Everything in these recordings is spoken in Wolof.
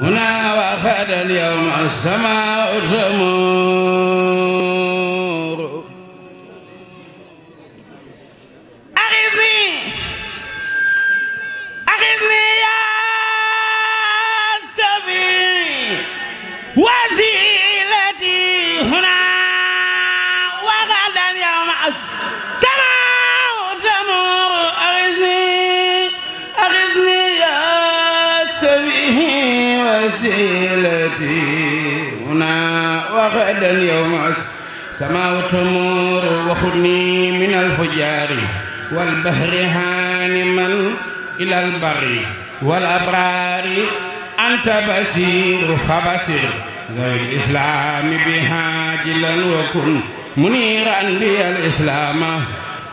هنا وأخذ اليوم السماء تمور اليوم السماء تمور وخذني من الفجار والبهر هانما إلى البر والأبرار أنت بصير فبصر ذوي الإسلام بهاجلا وكن منيرا بي الإسلام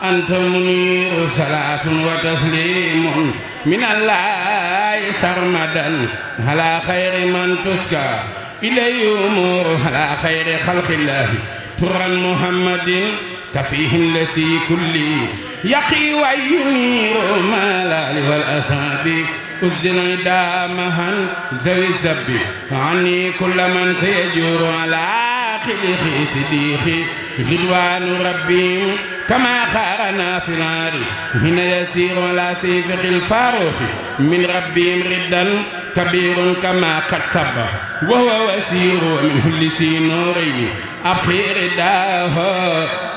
أنت منير صلاة وتسليم من الله الله سرمدا على خير من تسكى إليه أمور على خير خلق الله ترى محمد سفيه الذي كل يقي وينير مالال والأصحاب أزل دامها زوي الزب عني كل من سيجور على خلقه سديخي غلوان ربي كما خارنا في النار هنا يسير ولا سيفق الفاروق من ربهم ردا كبير كما قد سبه وهو وسير ومنه لسي نورين أطير داه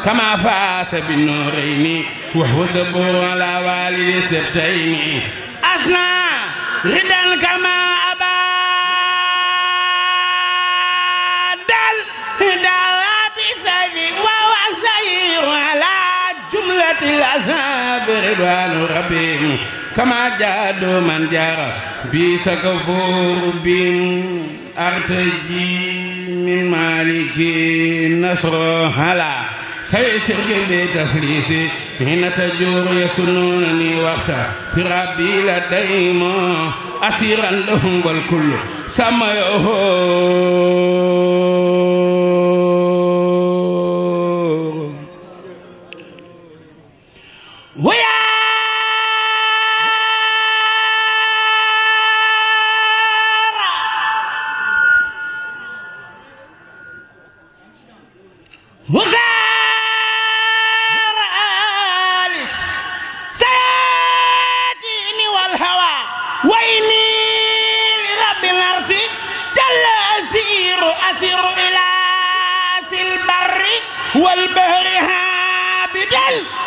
كما فاس بالنورين وهو زبور على والد سبتين أسنى ردا كبير ridwaan rabbi kama jaado man jaara bi sakafoor bin artaji min maliki nasro hala sawi sirgel de taflisi hina tajuur yasununani waxta fi rabbi la daymo asiran lahum wal kullu sama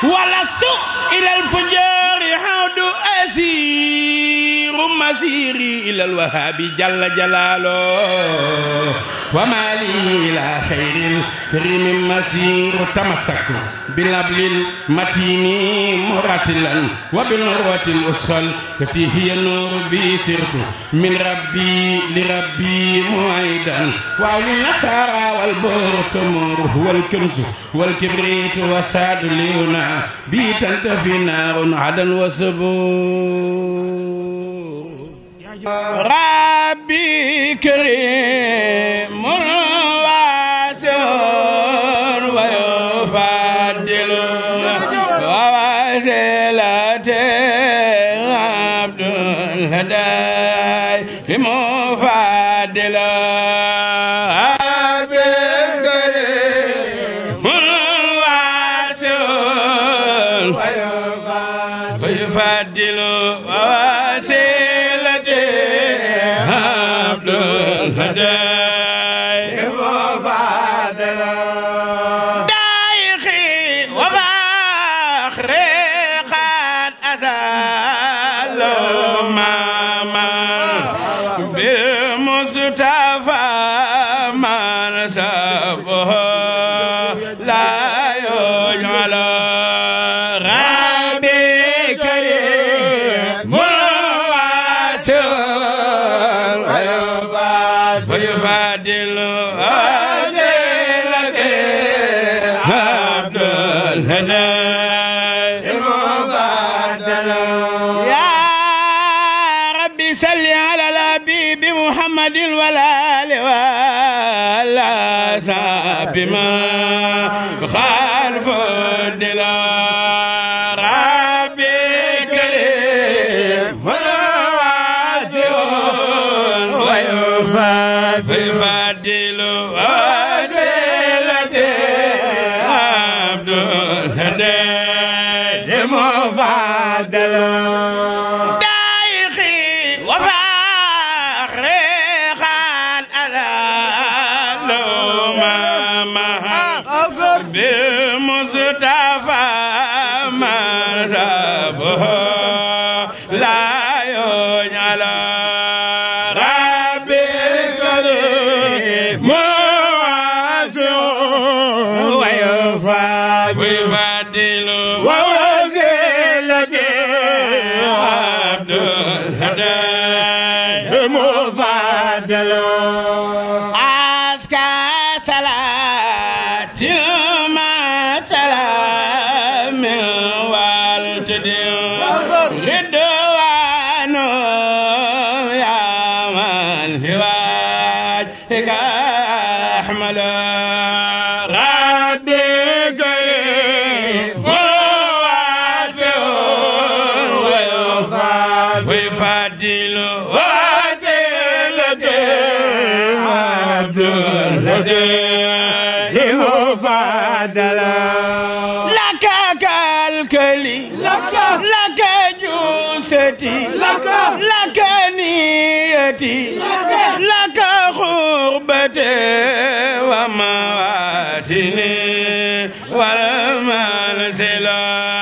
ولا السوء إلى الفجار حود أسير masiri ilal wahabi jalla jalalo wa mali ila khairil rimin masiru tamassak bilablil matini muratilan wa binurwatil usal fi hiya nur bi sirtu min rabbi li rabbi muaidan wa li nasara wal burtumur wal kamzu wal kibrit wa sadluna bi tantafi narun adan wa sabur ربي كريم واسع ويفضل ووسيلة عبد الهداي في مفاد la yo Fadal حياتي لك خربتي ومواتني والمنزلات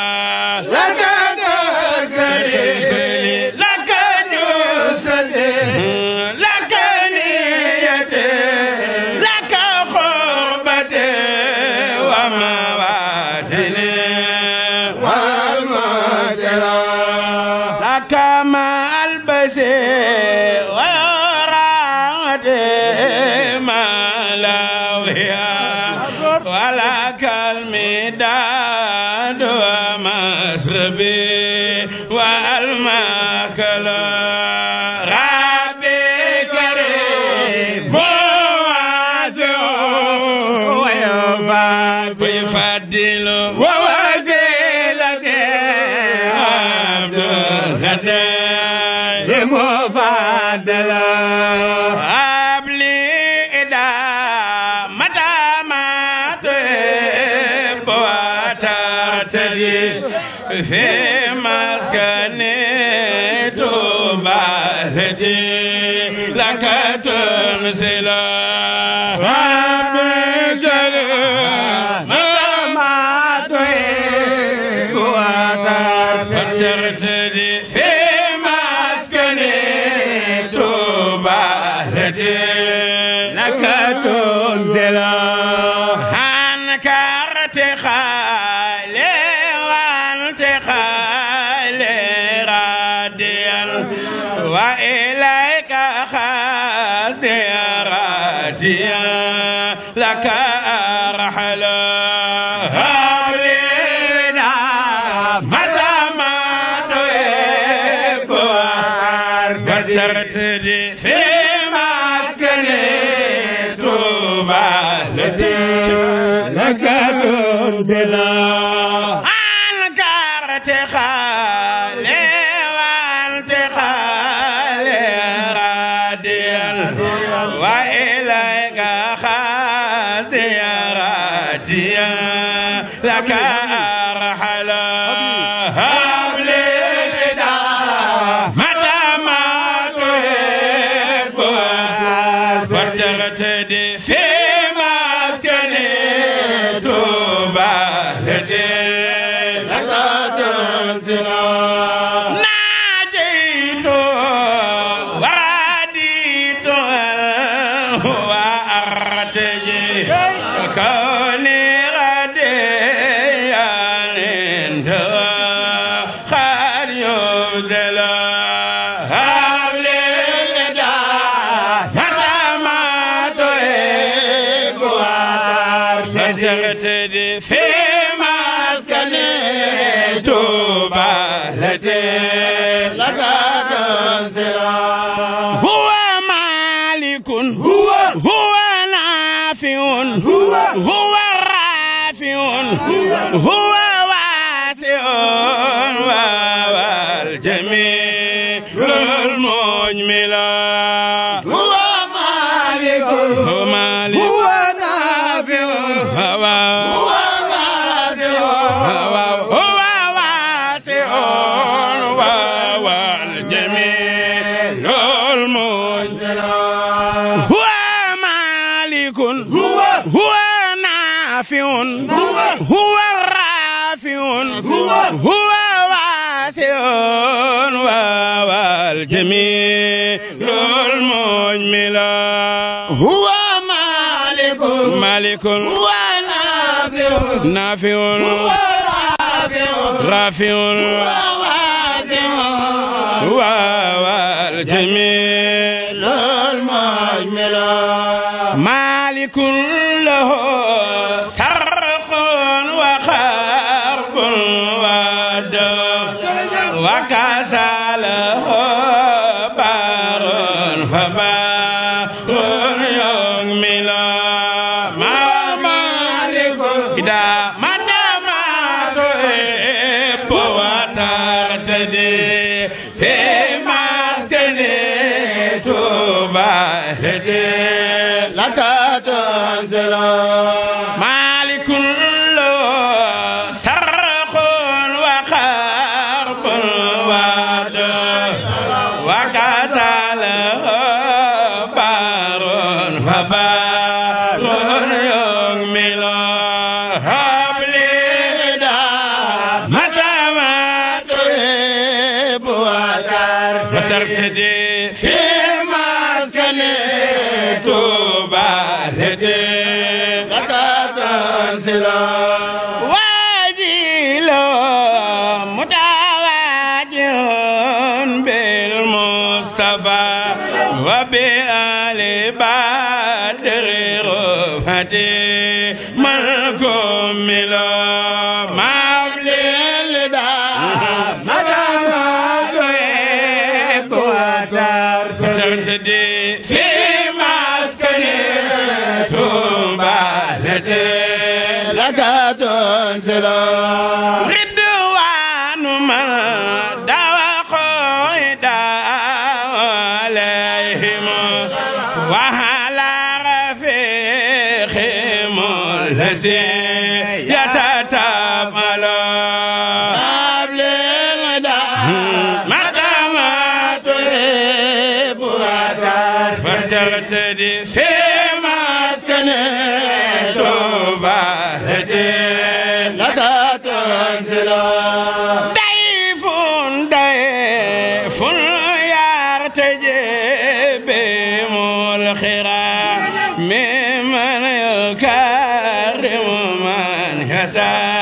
لك كان xaar yow de la الجميع المجملا هو مالك مالك هو نافع نافع هو رافع رافع هو واسع هو الجميل المجملا مالك له وكان ha لك تنزل ردوان من دعا قيدا عليهم وعلى رفيقهم الذي من يكرم من يشاء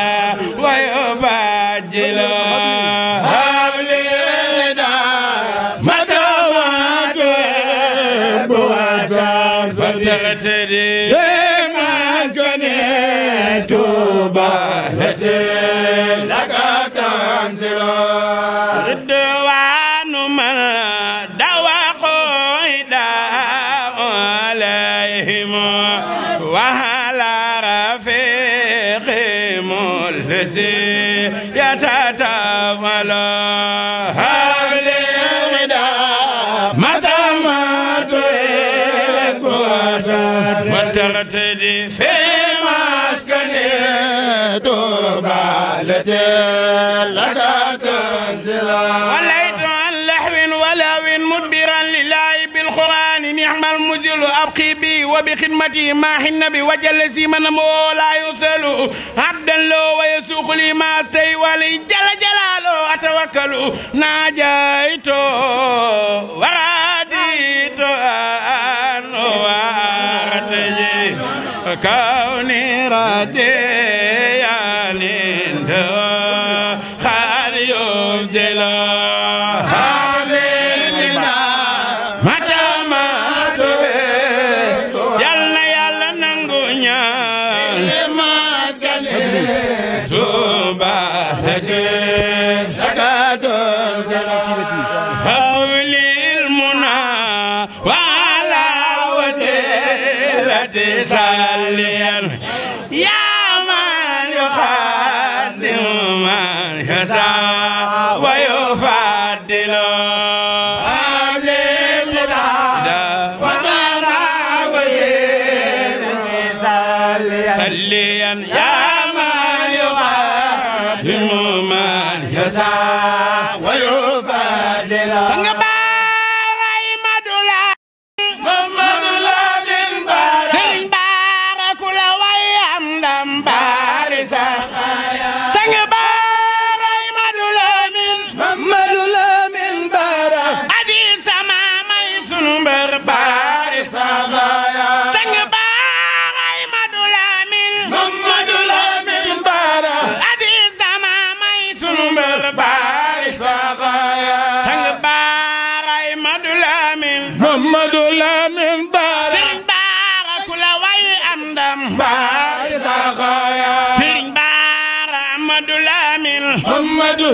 تغتدي في مسكن توبى لتل لك تنزلا وليت عن لحو ولو مدبرا لله بالقران نعم المجل ابقي بي وبخدمتي ما حن بي وجلسي من لا يسال عبدا له ويسوق لي ما استي ولي جل جلاله اتوكل ناجيته ورا كوني رديا لندو خال يبدلا Yeah.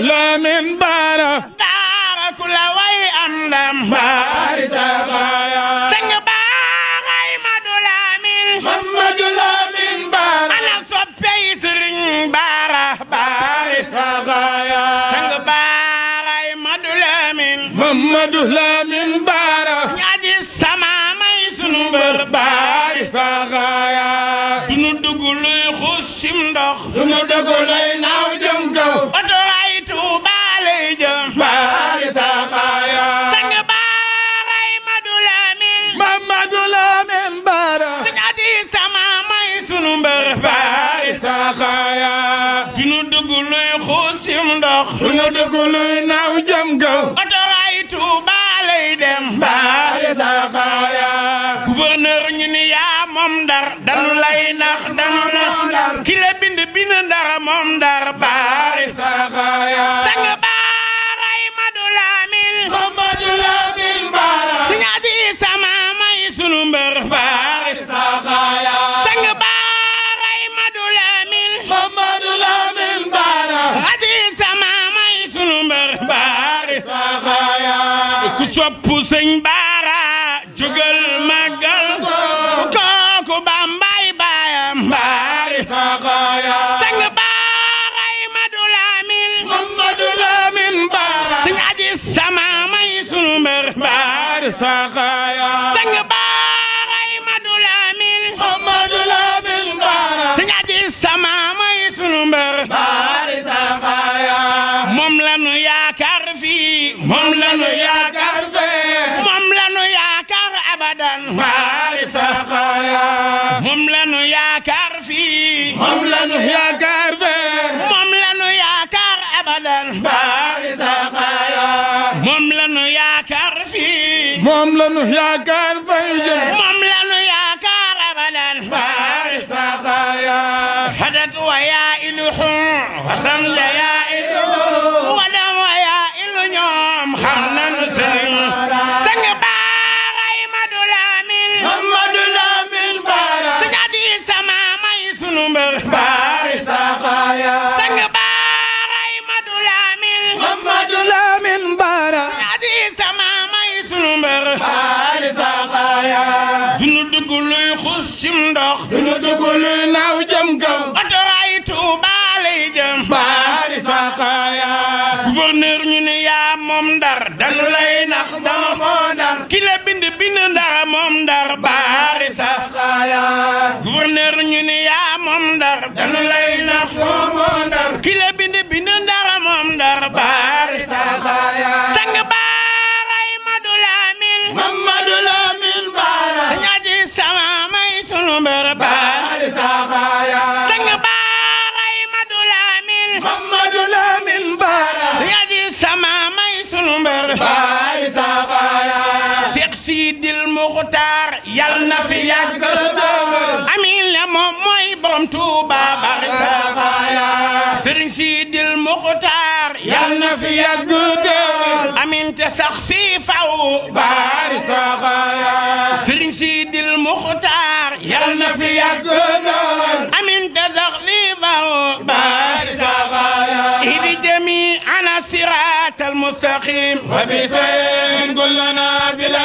له من بارك بارك لوي أندم بارك dëggu luy naaw jëm kaw dem baari saxaaya gouverneur ñu yaa moom ndar danu nax danu ndar bind bind ndara moom ndar baari saxaaya sang baaraay Madou Lamine topp sëñ baara jugal màggal kooku bambay baayam mbaari saxaaya sang baaray madu laamin madu laamin baara sëñ aji sama may sunu mbër mbaari saxaaya lanu yaakaar fay jëm moom lanu yaakaar abadan baari saxaaya hadat wa yaa ilu xum wasan la yaa ilu wadam wa yaa ilu ñoom xam nan dox duñu dugg luy naaw jëm kaw otoraay Tuuba lay jëm baari saxaaya gouverneur ñu ne yaa moom ndar dañu lay nax dama moo ndar ki la bind bind ndara moom ndar baari saxaaya gouverneur ñu ne yaa muxtaar yal na fi yàgg amin la moom mooy borom Tuuba bari safaaya sëriñ Sidil muxtaar yal na fi yàgg amin te sax fi faw bari safaaya sëriñ Sidil muxtaar yal na fi yàgg amin te sax fi faw bari safaaya idi jami ana siraatal mustaqim wa bi seen kullana bila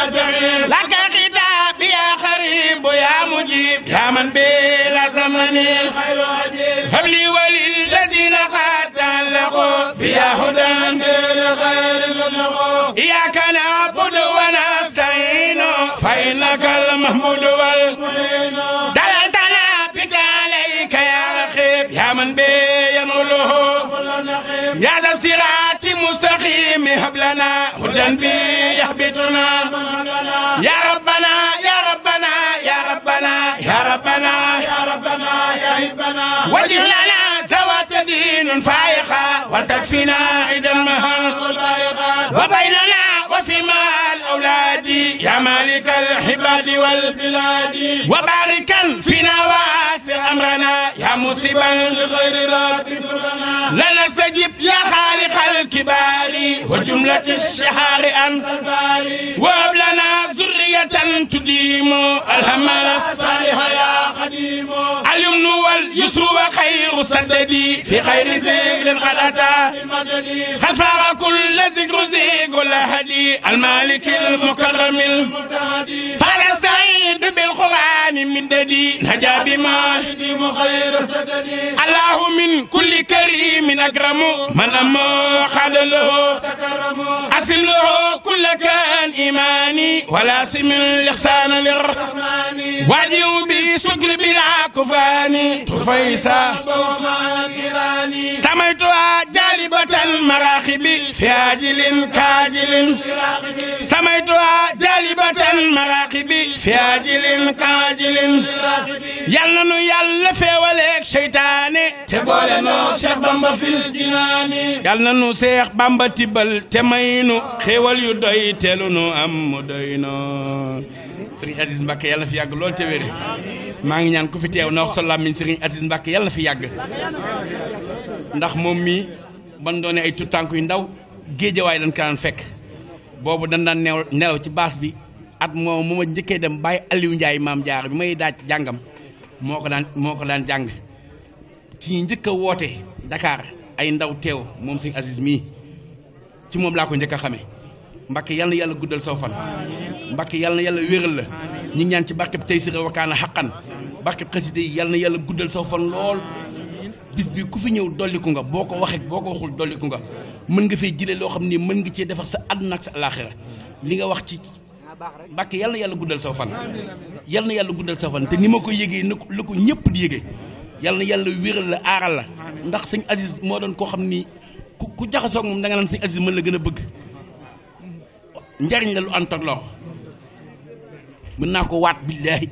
يا من بلا زمن خير أجيب هب لي وللذين قد تعلقوا بيا هدى بالخير تطلقوا إياك نعبد ونستعين فإنك المحمود والمعين دلتنا بك عليك يا رخيب يا من بينوله يا ذا الصراط المستقيم هب لنا هدى بيحبطنا يا رب ربنا يا ربنا يا هبنا واجعل لنا ذوات دين فائقة وتكفينا عيد المهل وبيننا وفيما الأولاد يا مالك الحباد والبلاد وبارك فينا وعلى منصبا لغير راتب لنا استجب يا خالق الكبار وجملة الشحار أنت الباري وهب لنا ذرية تديم الهمل الصالح يا قديم اليمن واليسر وخير سددي في خير زيغ قد أتى قد فاق كل زيغ زيغ الأهدي المالك المكرم المتهدي مددي نجا بما خير سددي الله من كل كريم أكرم من أما خذله تكرم أسم له كل كان إيماني ولا سم الإحسان للرحمن وأدعو بشكر بلا كفاني طفيسا سميتها جالبة المراخب في عاجل كاجل سميتها جالبة المراخب في عاجل كاجل يا nanu yàlla feewaleeg seytaane te boole noo Cheikh Bamba fil tibbal te may nu xéewal yu doy teelu nu am mu doy noo Serigne Aziz Mbacke yàlla na fi yàgg lool te wér maa ngi ñaan ku fi teew na wax sa làmmiñ Serigne Aziz Mbacke yàlla na fi yàgg ndax moom mii ban doone ay tuttànk yu ndaw géejawaay dañ kanaan fekk boobu dañ daan nelaw ci baas bi at moom mu ma njëkkee dem bàyyi Aliou Ndiaye maam jaar bi may daaj jàngam moo ko daan moo ko daan jàng ci njëkk a woote Dakar ay ndaw teew moom sëñ Aziz mii ci moom laa ko njëkk a xamee Mbàkke yal yàlla guddal saw fan Mbàkke yal yàlla wéral la ñi ñaan ci barkeb tey si wakaana xaqan barkeb xasida yi yal yàlla guddal saw fan lool bis bi ku fi ñëw dolliku nga boo ko waxee boo ko waxul dolliku nga mën nga fee jëlee loo xam ni mën nga cee defar sa àdduna ak sa àllaaxira li nga wax ci Mbàkke yal na yàlla guddal soo fan yal na yàlla guddal soo fan te ni ma ko yégee na la ko ñëpp di yégee yal na yàlla wéral la aaral la ndax sëñ Aziz moo doon koo xam ni ku ku jaxasoog moom da nga naan sëñ Aziz mën la gën a bëgg njariñ la lu ànd ak lor mën naa ko waat billaahi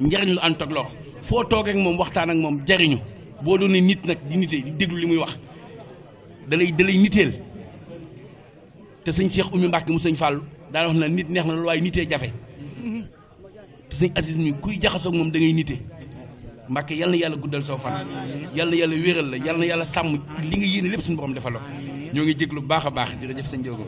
njariñ lu ànd ak lor foo toog moom waxtaan ak moom jariñu boo doonee nit nag di nitee di déglu li muy wax dalay dalay niteel te sëñ Cheikh Oumy Mbacke mu sëñ Fallou daana wax na nit neex na loolu waaye nitee jafe te sëñ Aziz mi kuy jaxasoog moom da ngay nite Mbàkke yal na yàlla guddal soo fan yal na yàlla wéeral la yal na yàlla sàmm li nga yéene lépp suñu borom defal la ñoo ngi jéglu bu baax a baax jërëjëf sëñ Diop